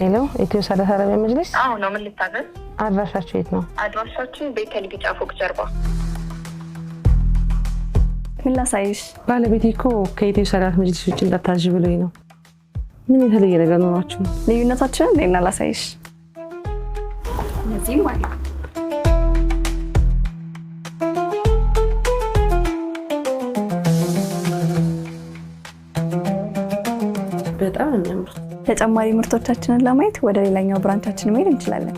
ሄሎ ኢትዮ ሳዳት አረቢያ መጅሊስ። አሁ ነው። ምን ልታዘዝ? አድራሻችሁ የት ነው? አድራሻችን ቤተል ቢጫ ፎቅ ጀርባ። ምን ላሳይሽ? ባለቤቴ እኮ ከኢትዮ ሳዳት መጅሊስ ውጭ እንዳታዥ ብሎኝ ነው። ምን የተለየ ነገር ኖሯችሁ? ልዩነታችንን ሌና ላሳይሽ። እነዚህም ማለት ተጨማሪ ምርቶቻችንን ለማየት ወደ ሌላኛው ብራንቻችን መሄድ እንችላለን።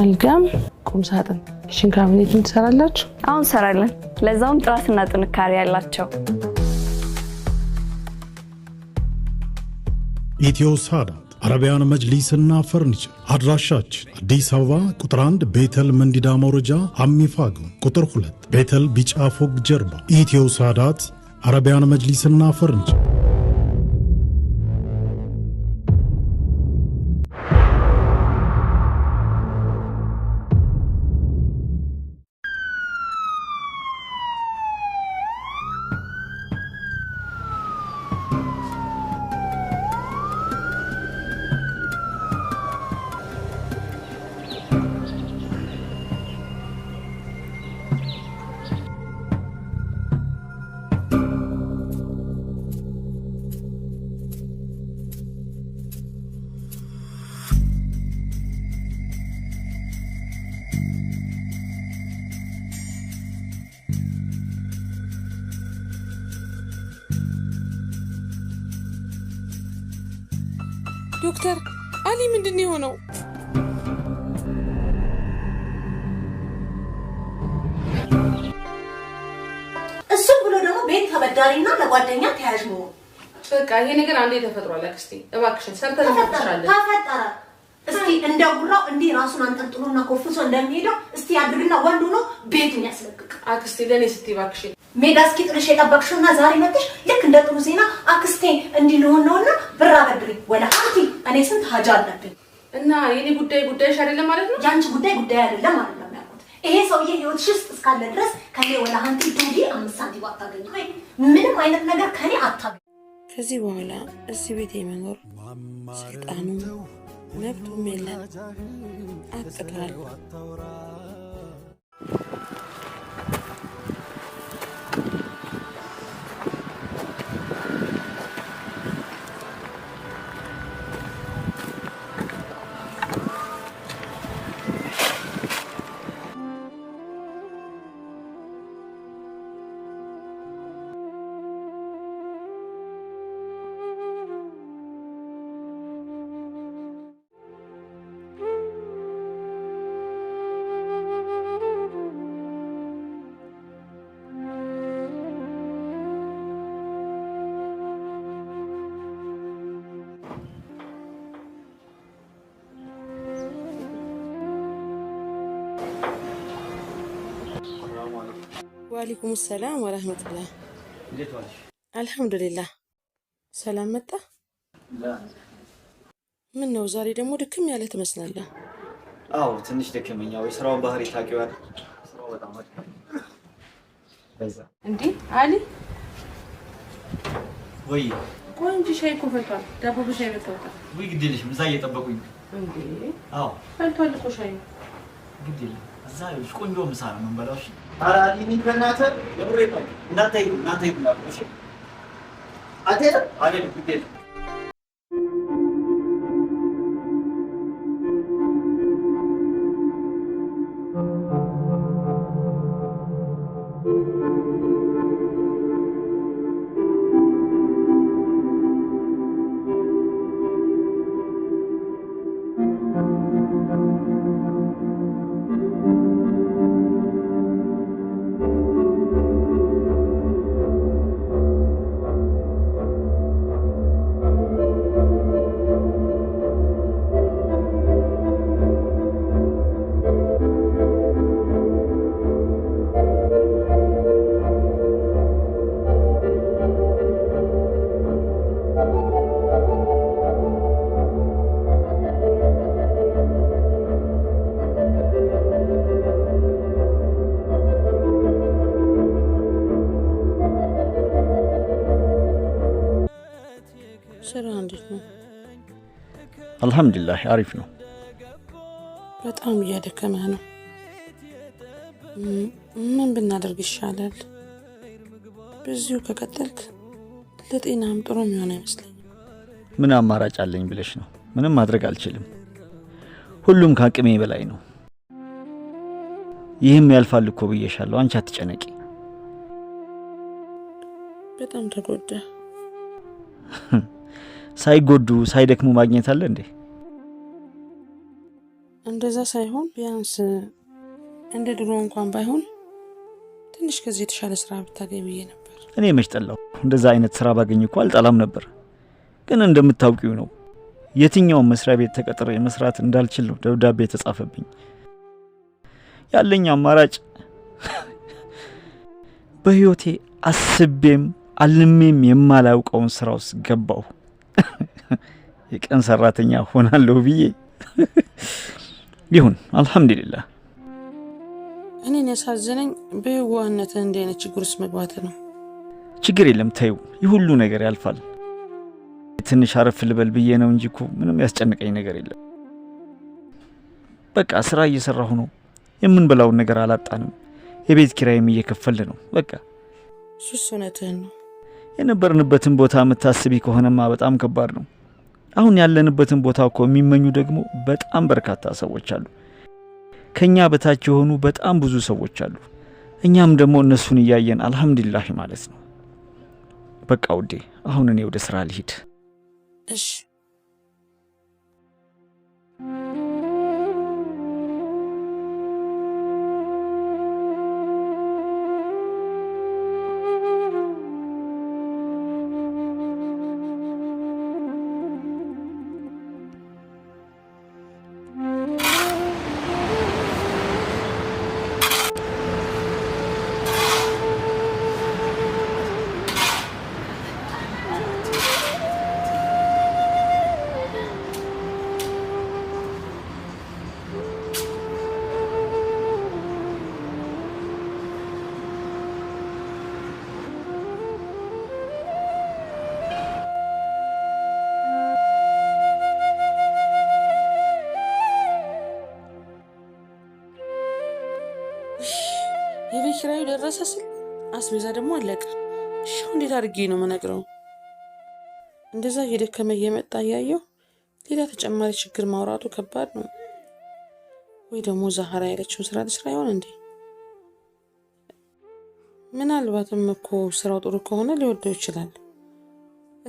አልጋም፣ ቁም ሳጥን፣ ኪችን ካቢኔት ትሰራላችሁ? አሁን እንሰራለን። ለዛውም ጥራትና ጥንካሬ ያላቸው። ኢትዮ ሳዳት አረቢያን መጅሊስና ፈርኒቸር አድራሻችን አዲስ አበባ ቁጥር 1 ቤተል መንዲዳ መውረጃ አሚፋግ፣ ቁጥር 2 ቤተል ቢጫ ፎግ ጀርባ። ኢትዮ ሳዳት አረቢያን መጅሊስና ፈርኒቸር የሆነው? እሱም ብሎ ደግሞ ቤት ተበዳሪና ለጓደኛ ተያዥ መሆን። በቃ ይሄ ነገር አንዴ ተፈጥሯል። አክስቴ እባክሽን ሰርተን እስቲ እንደ ጉራው እንዲህ ራሱን አንጠልጥሎና ኮፍሶ እንደሚሄደው እስቲ ያድርግና ወንድ ሆኖ አክስቴ፣ ለእኔ ሜዳ እስኪ ጥልሽ የጠበቅሽውና ዛሬ መጥሽ ልክ እንደ ጥሩ ዜና አክስቴ እንዲህ ልሆን ነውና ብር አበድሪ እኔ ስንት ሀጃ አለብኝ እና የኔ ጉዳይ ጉዳይሽ አይደለም ማለት ነው። የአንቺ ጉዳይ ጉዳይ አይደለም ማለት ነው የሚያውቁት ይሄ ሰውዬ ህይወትሽ ውስጥ እስካለ ድረስ ከኔ ወላ አንቲ ዱዲ አምስት ሳንቲም አታገኝ፣ ምንም አይነት ነገር ከኔ አታገኝ። ከዚህ በኋላ እዚህ ቤት የመኖር ሰይጣኑ መብቱም የለን አጥቷል። وعليكم السلام ورحمة الله. الحمد لله. سلام متى؟ لا. من نو زاري دمو دكم يا لت مسنا الله. أو آه، تنش دكم يا وي سراو بحري تاكي وانا. سراو بدا مجد. بزا. انتي علي؟ وي. وين جي شاي كوفل طال؟ دابو بشاي بطوطا. وي قديلش مزاي يطبقوين. انتي؟ أو. فلتو اللي قو شاي. قديل. زاي وش كون دو مسارة من بلاش. አራዲኒት በእናተ የምሬ ነው። እናንተ እናንተ ይብላል። እሺ አቴ አቴ ግዴታ አልሐምዱሊላህ አሪፍ ነው። በጣም እያደከመ ነው። ምን ብናደርግ ይሻላል? ብዙ ከቀጠልክ ለጤናም ጥሩ የሚሆን አይመስለኝም። ምን አማራጭ አለኝ ብለሽ ነው? ምንም ማድረግ አልችልም። ሁሉም ከአቅሜ በላይ ነው። ይህም ያልፋል እኮ ብዬሻለሁ። አንቺ አትጨነቂ። በጣም ተጎዳ። ሳይጎዱ ሳይደክሙ ማግኘት አለ እንዴ? እንደዛ ሳይሆን ቢያንስ እንደ ድሮ እንኳን ባይሆን ትንሽ ከዚህ የተሻለ ስራ ብታገኝ ብዬ ነበር። እኔ መች ጠላሁ? እንደዛ አይነት ስራ ባገኝ እኮ አልጠላም ነበር። ግን እንደምታውቂው ነው የትኛውን መስሪያ ቤት ተቀጥሬ መስራት እንዳልችል ነው ደብዳቤ የተጻፈብኝ። ያለኝ አማራጭ በህይወቴ አስቤም አልሜም የማላውቀውን ስራ ውስጥ ገባሁ። የቀን ሰራተኛ ሆናለሁ ብዬ ይሁን አልሐምዱሊላህ። እኔን ያሳዘነኝ በየዋህነት እንዲህ አይነት ችግር ውስጥ መግባት ነው። ችግር የለም ታዩ፣ ሁሉ ነገር ያልፋል። ትንሽ አረፍ ልበል ብዬ ነው እንጂ እኮ ምንም ያስጨንቀኝ ነገር የለም። በቃ ስራ እየሰራሁ ነው። የምንበላውን ነገር አላጣንም። የቤት ኪራይም እየከፈል ነው። በቃ እሱስ እውነትህን ነው። የነበርንበትን ቦታ የምታስቢ ከሆነማ በጣም ከባድ ነው። አሁን ያለንበትን ቦታ እኮ የሚመኙ ደግሞ በጣም በርካታ ሰዎች አሉ። ከኛ በታች የሆኑ በጣም ብዙ ሰዎች አሉ። እኛም ደግሞ እነሱን እያየን አልሐምዱሊላህ ማለት ነው። በቃ ውዴ፣ አሁን እኔ ወደ ስራ ልሂድ። እሺ ኪራዩ ደረሰ ስል አስቤዛ ደግሞ አለቀ። ሻው እንዴት አድርጌ ነው መነግረው? እንደዛ እየደከመ እየመጣ እያየው ሌላ ተጨማሪ ችግር ማውራቱ ከባድ ነው። ወይ ደግሞ ዛህራ ያለችውን ስራ ልስራ ይሆን እንዴ? ምናልባትም እኮ ስራው ጥሩ ከሆነ ሊወደው ይችላል።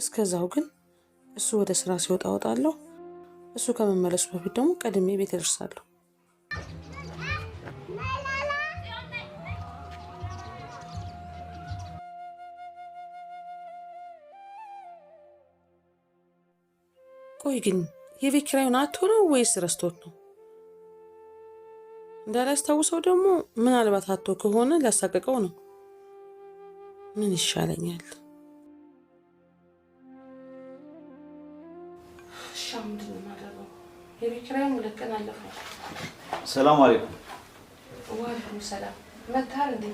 እስከዛው ግን እሱ ወደ ስራ ሲወጣ ወጣለሁ። እሱ ከመመለሱ በፊት ደግሞ ቀድሜ ቤት እደርሳለሁ። ቆይ ግን የቤት ኪራዩን አቶ ነው ወይስ ረስቶት ነው? እንዳላስታውሰው ደግሞ ምናልባት አቶ ከሆነ ሊያሳቅቀው ነው። ምን ይሻለኛል? ሰላም አለይኩም። ዋልኩም ሰላም። መታል እንዴ?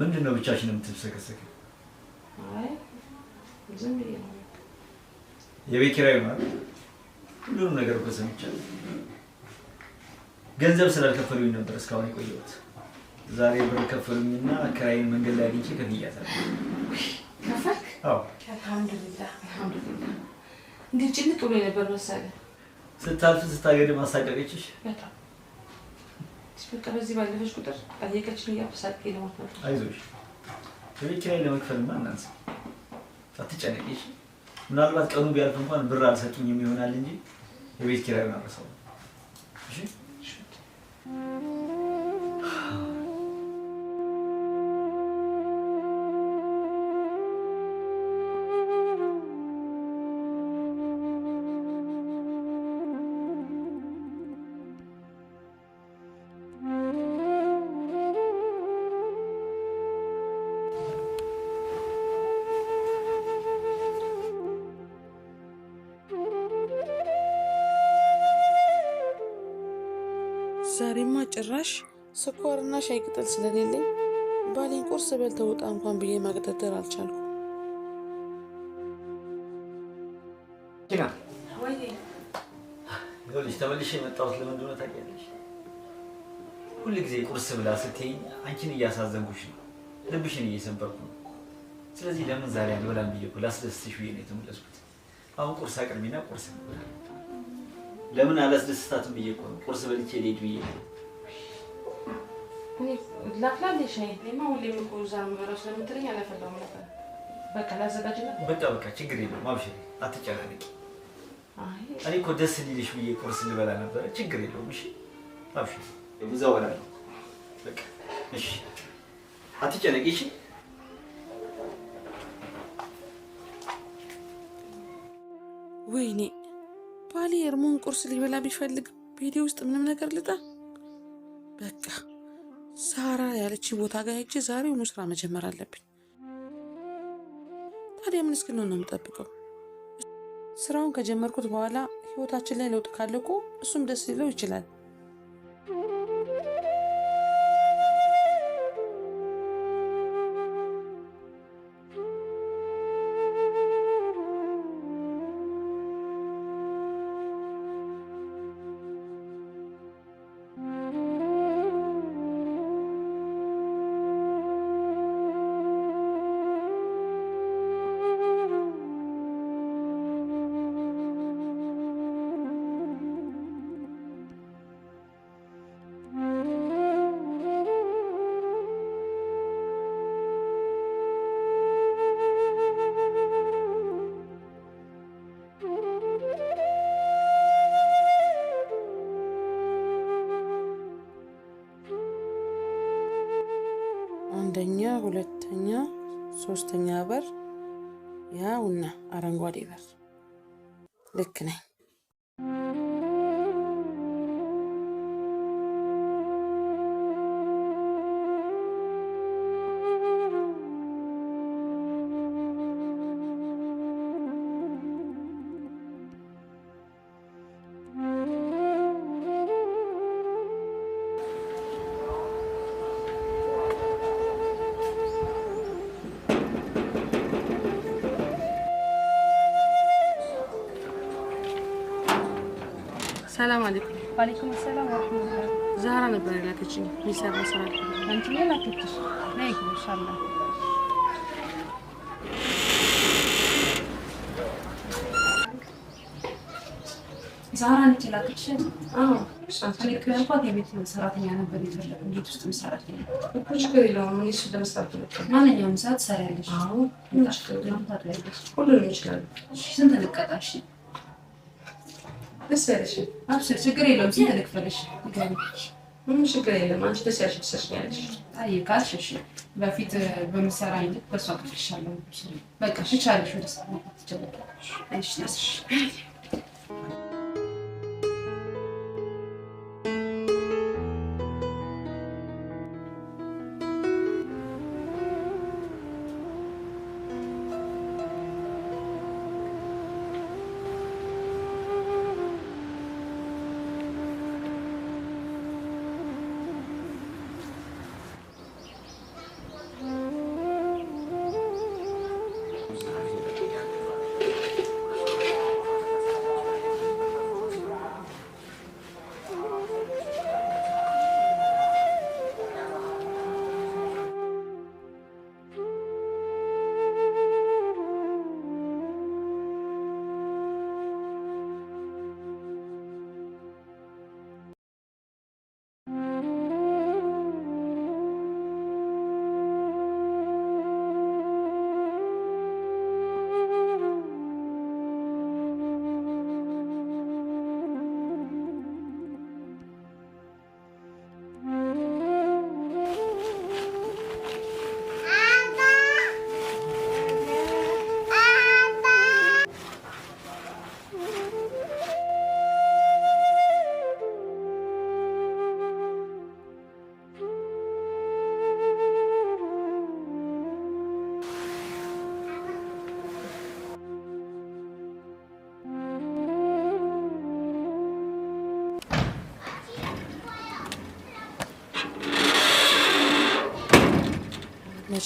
ምንድን ነው ብቻችን የምትሰከሰክ? የቤት ኪራይ ይሆናል። ሁሉንም ነገር እኮ ሰምቻለሁ። ገንዘብ ስላልከፈሉኝ ነበር እስካሁን የቆየሁት። ዛሬ ብር ከፈሉኝና ኪራይን መንገድ ላይ አግኝቼ ከፍያታል። ከፈልክ? አዎ። አልሐምዱሊላህ ጭንቅ ብሎ ነበር መሰለህ። ስታልፍ ስታገድ ማሳቀቀችሽ? በጣም በቃ በዚህ ባለፈች ቁጥር ጠየቀችን እያበሳቅ ለሞት ነው። አይዞሽ የቤት ኪራይ ምናልባት ቀኑ ቢያልፍ እንኳን ብር አልሰጡኝም ይሆናል እንጂ የቤት ኪራዩን አረሰው። እሺ ጭራሽ ስኳርና ሻይ ቅጠል ስለሌለኝ ባሌን ቁርስ በልተው ውጣ እንኳን ብዬ ማቅጠጠር አልቻልኩ። ልጅ ተመልሽ የመጣሁት ለምንድን ነው ታውቂያለሽ? ሁል ጊዜ ቁርስ ብላ ስትይኝ አንቺን እያሳዘንኩሽ ነው፣ ልብሽን እየሰበርኩ ነው። ስለዚህ ለምን ዛሬ አልበላም ብዬ እኮ ላስደስትሽ ብዬ ነው የተመለስኩት። አሁን ቁርስ አቅርቢና ቁርስ ለምን አላስደስታትም ብዬ እኮ ነው ቁርስ በልቼ ልሄድ ብዬ ነው ላፍላለሽ እኔማ ሁሌም እኮ እዛ የምበላው ስለምትለኝ አላፈላሁም ነበር። በቃ ላዘጋጅና በቃ በቃ ችግር የለም አብሽሪ፣ አትጨናነቂ። እኔ እኮ ደስ እንዲልሽ ብዬ ቁርስ ልበላ ነበረ። ችግር የለውም። እሺ አብሽሪ፣ እዛው እበላለሁ። በቃ እሺ፣ አትጨነቂ። እሺ ወይኔ ባሌ እርሞን ቁርስ ሊበላ ቢፈልግ ቤቴ ውስጥ ምንም ነገር ልጣ በቃ ሳራ ያለች ቦታ ጋር ሄጄ ዛሬውኑ ስራ መጀመር አለብኝ። ታዲያ ምን እስክንሆን ነው የምጠብቀው? ስራውን ከጀመርኩት በኋላ ህይወታችን ላይ ለውጥ ካለ እኮ እሱም ደስ ሊለው ይችላል። አረንጓዴ በር ልክ ነኝ። ሰላም አለይኩም። ወአለይኩም ሰላም ወራህመቱላህ። ዛራ ነበር የላከችኝ የሚሰራ ስራ አንቺ የላከችሽ ነይ ኢንሻአላህ ዛራ ነች የላከችሽ? አዎ ሰራተኛ ነበር የፈለግን ቤት ውስጥ ማንኛውም ሰዓት ስንት እንቀጣሽ? ደስያለሽ አብሽር፣ ችግር የለውም። ስንት ልክፈልሽ? ምንም ችግር የለም። አንቺ ደስያለሽ ትሰሽኛለሽ። አይ ካልሽ እሺ፣ በፊት በምሰራ በሷ ክፍልሻለሁ። በቃ ትቻለሽ፣ ወደ ስራ ትችላለሽ።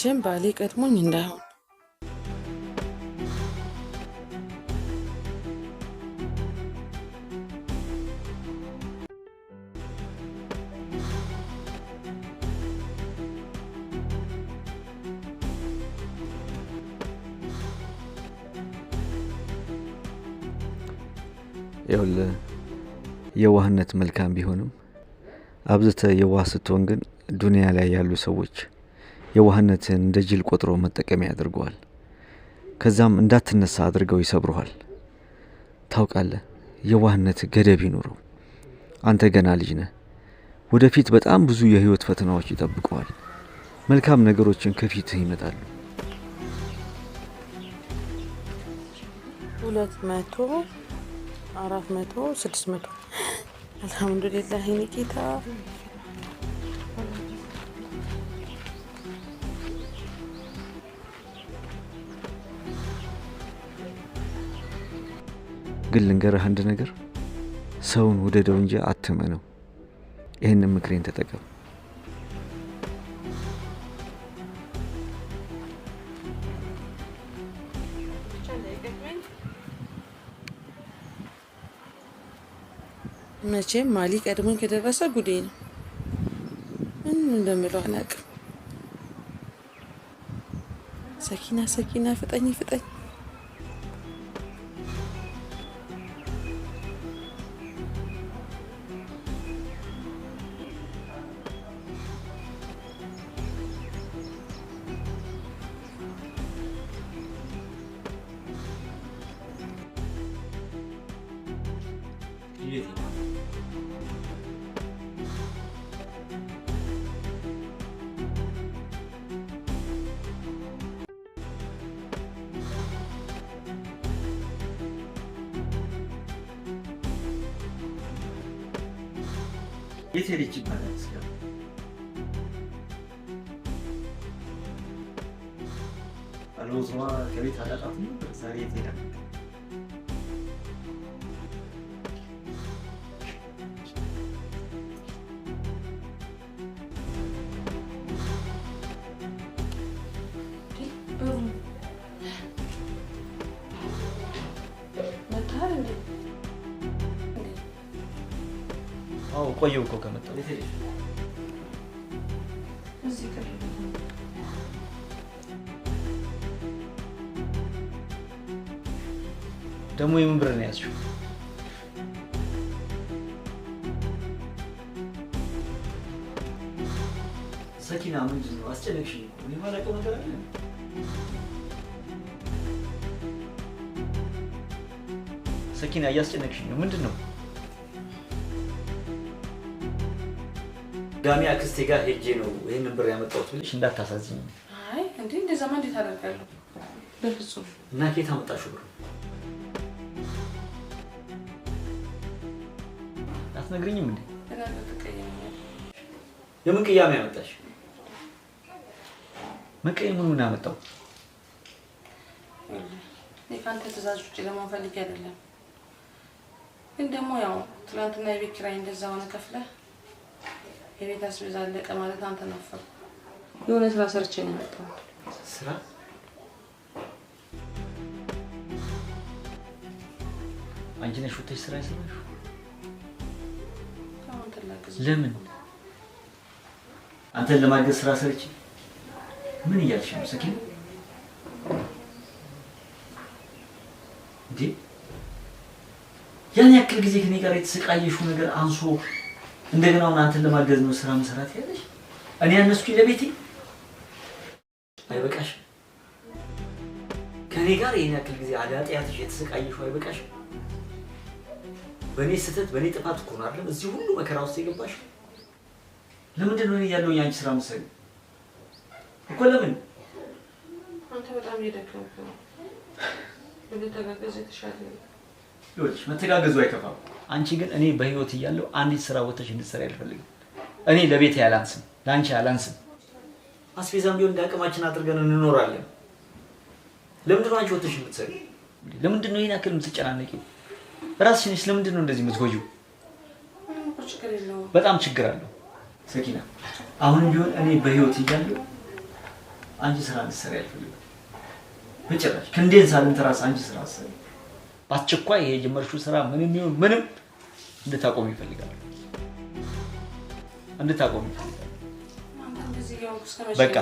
መቼም ባሌ ቀድሞኝ እንዳይሆን ይኸውልህ የዋህነት መልካም ቢሆንም አብዝተ የዋህ ስትሆን ግን ዱንያ ላይ ያሉ ሰዎች የዋህነትን እንደ ጅል ቆጥሮ መጠቀሚያ ያደርገዋል። ከዛም እንዳትነሳ አድርገው ይሰብሩሃል። ታውቃለህ፣ የዋህነት ገደብ ይኑረው። አንተ ገና ልጅ ነህ። ወደፊት በጣም ብዙ የህይወት ፈተናዎች ይጠብቀዋል። መልካም ነገሮችን ከፊትህ ይመጣሉ። ሁለት መቶ አራት መቶ ስድስት መቶ አልሐምዱሊላህ ጌታ ግን ልንገርህ አንድ ነገር፣ ሰውን ውደደው እንጂ ነው ይህንን ምክሬን ተጠቀም። መቼም ማሊ ቀድሞኝ ከደረሰ ጉዴ ነው። ምን እንደምለው አናቅም ሰኪና ሰኪና፣ ፍጠኝ ፍጠኝ 21. Yeteri ki balans ya. Alonso Kavit hala atmıyor da sarı yetenek. ቆየሁ እኮ ከመጣሁ። ደግሞ የምን ብር ነው ያዝሽው? ሰኪና ምንድን ነው አስጨነቅሽኝ። እኔ የማላውቀው ነገር አለ። ሰኪና እያስጨነቅሽኝ ነው። ምንድን ነው ድጋሚ አክስቴ ጋር ሄጄ ነው ይህንን ብር ያመጣሁት ብለሽ እንዳታሳዝኝ። አይ እንዴ እንደዛማ እንዴት አደርጋለሁ? በፍጹም። እና ከየት አመጣሽ ብር? አትነግሪኝም እንዴ? የምን ቅያሜ ያመጣሽ? መቀየም ሁሉ ነው ያመጣው። ከአንተ ትእዛዝ ውጭ ለመሆን ፈልጌ አይደለም፣ ግን ደግሞ ያው ትናንትና የቤት ኪራይ እንደዛ ሆነ ከፍለህ የቤት አስቤዛ አለቀ ማለት አንተ ናፈቅ። የሆነ ስራ ሰርቼ ነው የመጣሁት። ስራ አንቺ ነሽ ወጥተሽ ስራ የሰራሽው? ለምን አንተን ለማገዝ ስራ ሰርቼ ምን እያልሽ ነው ሰኪና? እንዴ ያን ያክል ጊዜ ከኔ ጋር የተሰቃየሽው ነገር አንሶ እንደገና አሁን አንተን ለማገዝ ነው ስራ መስራት ያለሽ። እኔ ያነስኩኝ ለቤቴ አይበቃሽ? ከኔ ጋር ይህን ያክል ጊዜ አዳጥያትሽ የተሰቃየሽው አይበቃሽ? በእኔ ስህተት በእኔ ጥፋት እኮ ነው አይደለም እዚህ ሁሉ መከራ ውስጥ የገባሽ። ለምንድን ነው እኔ ያለሁኝ ስራ መሰሪ እኮ ለምን? አንተ በጣም እየደከምክ ነው። ብንተጋገዝ የተሻለ ነው። መተጋገዙ አይከፋም። አንቺ ግን እኔ በህይወት እያለሁ አንዲት ስራ ወተሽ እንድትሰራ አልፈልግም። እኔ ለቤት ያላንስም፣ ለአንቺ ያላንስም። አስፌዛም ቢሆን እንደ አቅማችን አድርገን እንኖራለን። ለምንድን አንቺ ወተሽ የምትሰሪ? ለምንድን ይህን ያክል የምትጨናነቂ? ራስሽንስ ለምንድን ነው እንደዚህ የምትጎጂው? በጣም ችግር አለው ሰኪና። አሁንም ቢሆን እኔ በህይወት እያለሁ አንቺ ስራ እንድትሰሪ አልፈልግም በጭራሽ። ክንዴን ሳልንት ራስ አንቺ ስራ አሰሪ። በአስቸኳይ ይሄ የጀመርሽው ስራ ምንም ይሁን ምንም እንድታቆም ይፈልጋል እንድታቆም ይፈልጋሉ። በቃ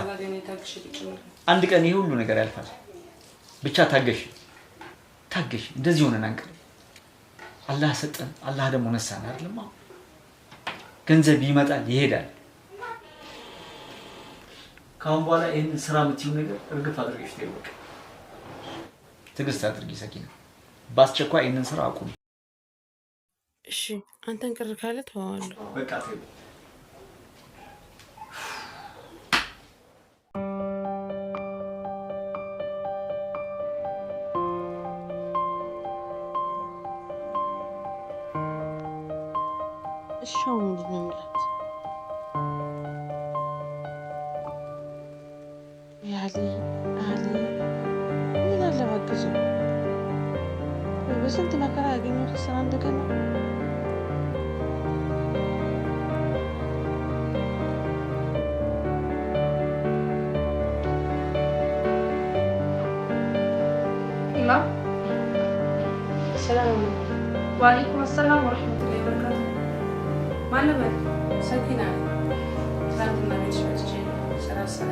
አንድ ቀን ይህ ሁሉ ነገር ያልፋል። ብቻ ታገሽ ታገሽ። እንደዚህ ሆነን አንቀል አላህ ሰጠን፣ አላህ ደግሞ ነሳን። አይደለም ገንዘብ ይመጣል ይሄዳል። ከአሁን በኋላ ይህን ስራ የምትይው ነገር እርግፍ አድርገሽ ትግስት ትዕግስት አድርጊ ነው በአስቸኳይ ይህንን ስራ አቁም እሺ አንተን ቅር ካለ ተዋዋለሁ። በቃ እሻው ምንድን ነው የሚላት? ያለ አለ ምን አለ ባግዘው በስንት መከራ ያገኘሁት ስራ እንደገና ዋሌኩም አሰላም ወረህመቱላሂ ወበረካቱ። ማንም ሰኪና ትናንትና ቤትሽ መጥቼ ስራ ስራ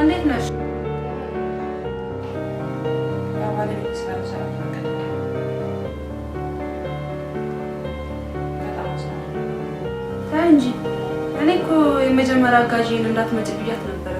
እንዴት ነሽ? ባለቤት ስራ ስራ እንጂ እኔ እኮ የመጀመሪያ አጋዥን እንዳትመጭ ብያት ነበር።